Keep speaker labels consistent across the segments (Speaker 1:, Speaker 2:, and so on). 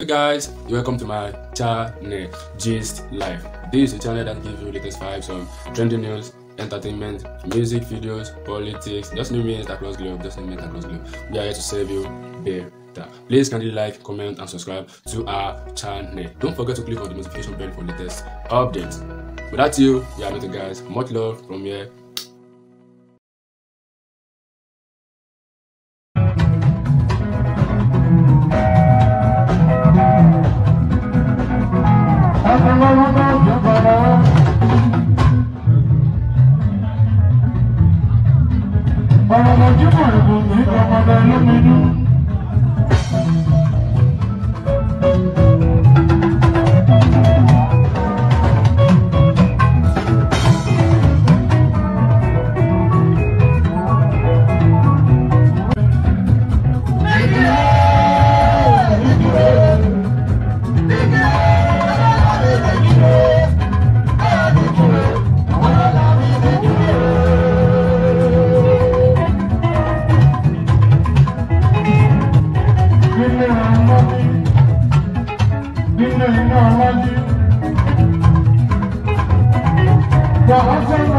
Speaker 1: Hey guys, welcome to my channel, Gist Life. This is a channel that gives you latest vibes on trending news, entertainment, music videos, politics, just new means across globe, just new means across globe. We are here to serve you better. Please kindly like, comment, and subscribe to our channel. Don't forget to click on the notification bell for latest updates. Without you, we are nothing guys. Much love from here. ọ̀rọ̀ mọ̀júmọ̀ ìbùn ní ọmọdé lómìnú. Now, one thing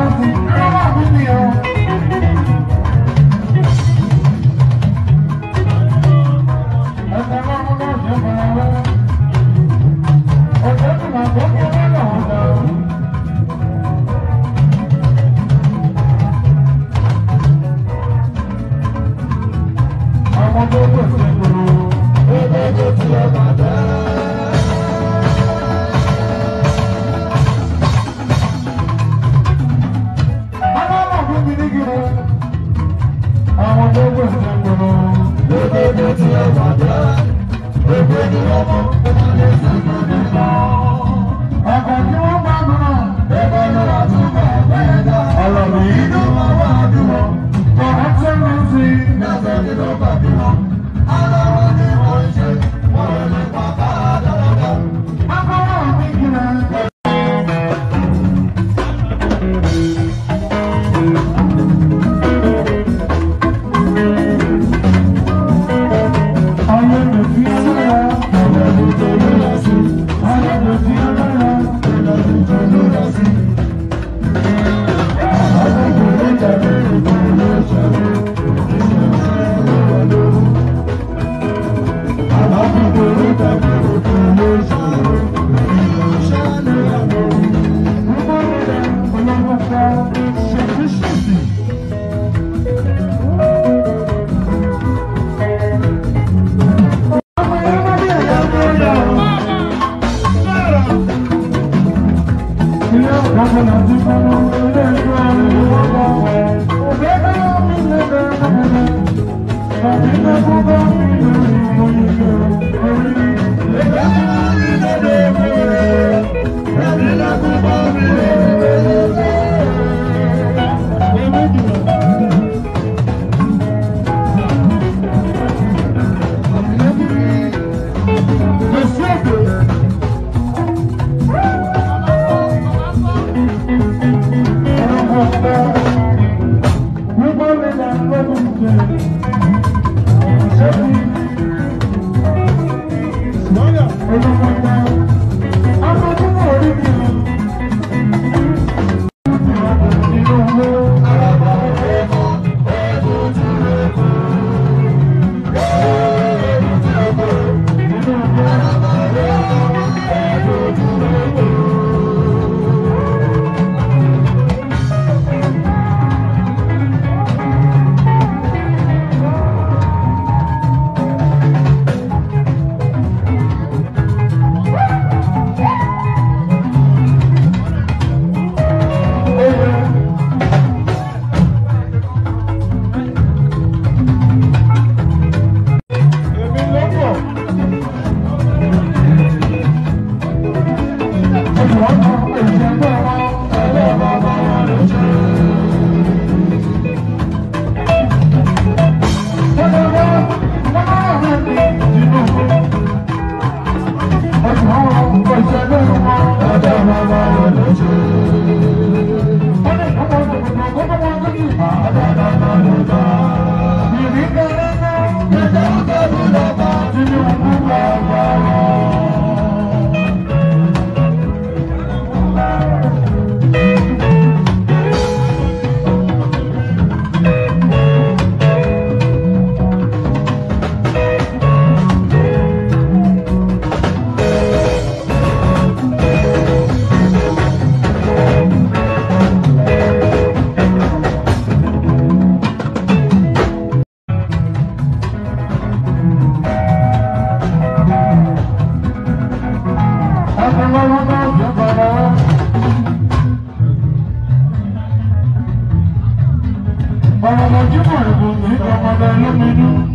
Speaker 1: Ebi tí ọmọdé, ebi ni ọmọ, ọmọdé sàgbọ́n nípa. ọ̀rọ̀ mọ̀júmọ̀ ìbùdó ọmọdé lómi dùn.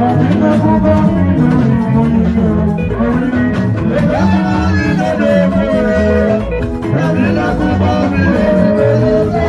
Speaker 1: Thank you.